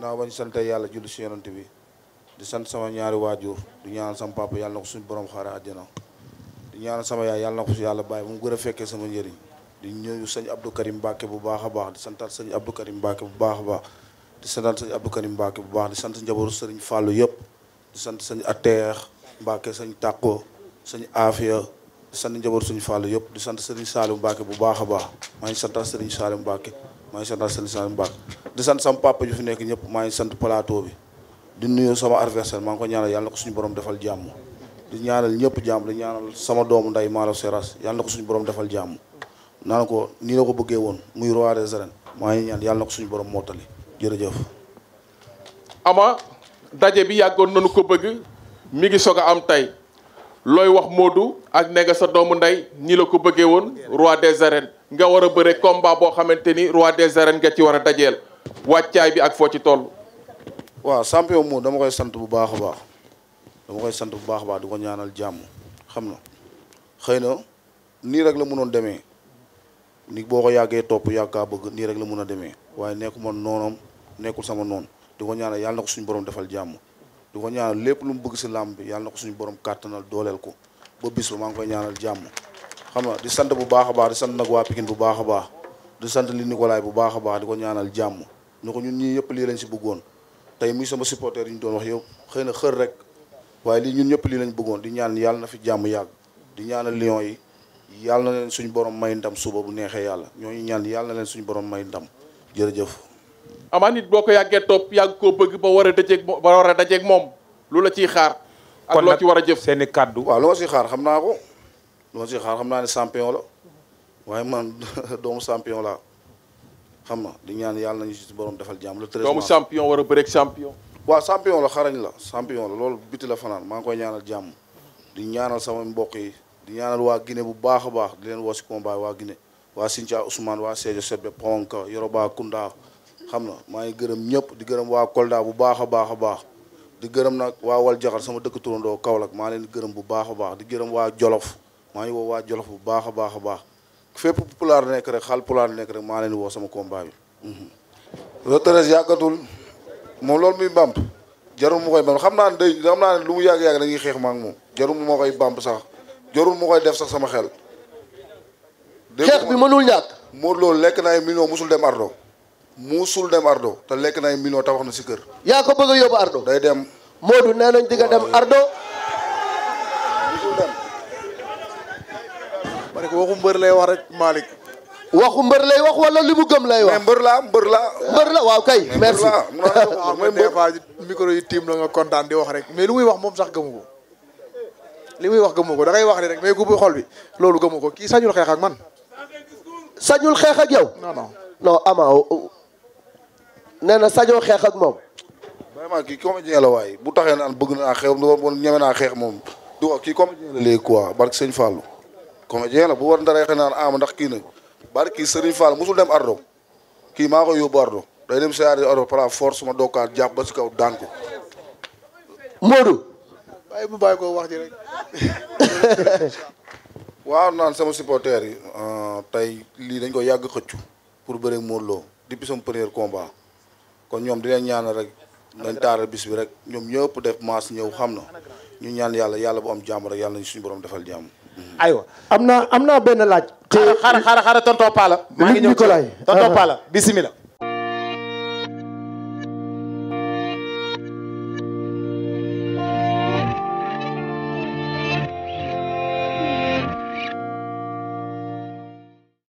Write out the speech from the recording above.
ndaw naa ñu sant yàlla julli si yonent bi di sant sama ñaari waajur du ñaanal sama papa yàlla na ko suñu borom xaare àjjana di ñaanal sama yaay yàlla na ko si yàlla bàyyi mu gën a fekkee sama njëriñ di ñëw sëñ Abdou Karim Mbacke bu baax a baax di santaat sëñ Abdou Karim Mbacke bu baax a baax di santaat sëñ Abdou Karim Mbacke bu baax di sant njabootu sëriñ Fallou yëpp di sant sëñ Ateex Mbacke sañ Tàkko sëñ Afia di sant njabootu sëñ Fallou yëpp di sant sëriñ Saliou Mbacke bu baax a baax maa ngi santaat sëriñ Saliou Mbacke maa ngi sant seen sant bu baax di sant sama papa ju nekk ñëpp maa ngi sant plateau bi di nuyu sama adversaire maa ngi ko ñaanal yàlla na ko suñu borom defal jàmm di ñaanal ñëpp jàmm di ñaanal sama doomu nday Malo Seras yàlla na ko borom defal jàmm naan ko nii la ko bëggee woon muy roi des arènes maa ngi ñaan yàlla na ko suñu borom mottali jërëjëf. ama daje bi yàggoon nañu ko bëgg mi ngi soog a am tey looy wax Modou ak ne sa doomu ndey nii la ko bëggee woon roi des arènes. nga war a bëre combat boo xamante ni roi de arènes nga ci war a dajeel wàccaay bi ak foo ci toll. waaw champion mu dama koy sant bu baax a baax dama koy sant bu baax a baax di ko ñaanal jàmm xam na xëy na nii rek la mënoon demee ni boo ko yàggee topp yàggaa bëgg nii rek la mën a demee waaye nekkuma noonam nekkul sama noon di ko ñaanal yàlla ko suñu boroom defal jàmm du ko ñaanal lépp lu mu bëgg si làmb bi yàlla ko suñu borom kàttanal dooleel ko ba bis ba maa ngi koy ñaanal jàmm. xam nga di sant bu baax a baax di sant nag waa Pikine bu baax a baax di sant li Nicolas bu baax a baax di ko ñaanal jàmm ñu ko ñun ñii yëpp lii lañ si bëggoon tey muy sama supporter yi ñu doon wax yow xëy na xër rek waaye lii ñun ñëpp lii lañ bëggoon di ñaan yàlla na fi jàmm yàgg di ñaanal Lions yi yàlla na leen suñu borom may ndam suba bu neexee yàlla ñooñu ñaan yàlla na leen suñu borom may ndam jërëjëf. amaa nit boo ko yàggee topp yàgg koo bëgg ba war a dajeeg ba war a dajeeg moom la ciy xaar. ak loo ci war a jëf seen i kàddu. waaw lu xaar xam naa ko lu ma si xaar xam naa ne champion la waaye man doomu champion la xam na di ñaan yàlla nañu si borom defal jàmm. le treize doomu champion war a bëreeg champion. waaw champion la xarañ la champion la loolu biti la fanaan maa ngi koy ñaanal jàmm di ñaanal sama mbokk yi di ñaanal waa gine bu baax a baax di leen woo si combat waa Guinée waa Sinthia Ousmane waa Sédhiou Sebe Ponka Yoroba Kounda xam na maa ngi gërëm ñëpp di gërëm waa Kolda bu baax a baax a baax di gërëm nag waa Wal sama dëkk turandoo Kaolack maa leen gërëm bu baax a baax di gërëm waa Jolof maa ngi woo waa Jolof bu baax a baax a baax fépp pulaar nekk rek xal pulaar nekk rek maa leen woo sama combat bi. retraite yàggatul moom loolu muy bamp jarul mu koy bamp xam naa ne day xam lu mu yàgg yàgg dañuy xeex ma ak moom jarul mu ma koy sax jarul mu koy def sax sama xel. xeex bi mënul ñàkk. Modou Lo lekk na ay millions musul dem Ardo. musul dem Ardo te lekk na ay millions tabax na si kër. yaa ko bëgg a yóbbu Ardo. day dem. Modou nee nañ di dem Ardo. waxu mbër lay wax rek Malick. waxu mbër lay wax wala li mu gëm lay wax. mbër la mbër la. mbër la waaw kay. merci mais des tiim la nga kontaan di wax rek mais lu muy wax moom sax gëmu ko. li muy wax gëmu ko da ngay wax ni rek mais gubu xol bi loolu gëmu ko kii sañul xeex ak man. sañul xeex ak yow. non Ama nee na sañoo xeex ak moom. vraiment kii comédien la waaye bu taxee naan bëgg naa xeex moom ñeme naa xeex moom. du kii comédien la léegi quoi comédien la bu war ndaree xëy naan ama ah, ndax kii na bari kii Serigne Fall mosul dem ardo kii maa ko yóbbu ardo day dem siyaar ardo par force ma dookaat jàpp ba si kaw daan ko Modou bu bàyyi ko wax ji rek waaw naan sama supporter yi euh, tey lii dañ koy yàgg xëccu pour bëre Modou Lo depuis sama premier combat kon ñoom di leen ñaanal rek nañ taaral bis bi rek ñoom ñëpp def maas ñëw xam na ñu ñaan yàlla yàlla bu am jàmm rek yàlla nañ suñu borom defal jàmm Mm-hmm. aywa am naa am naa benn laaj. te xaaral xaaral xaaral tonton Pala. maa ngi ñëw ci tonton Pala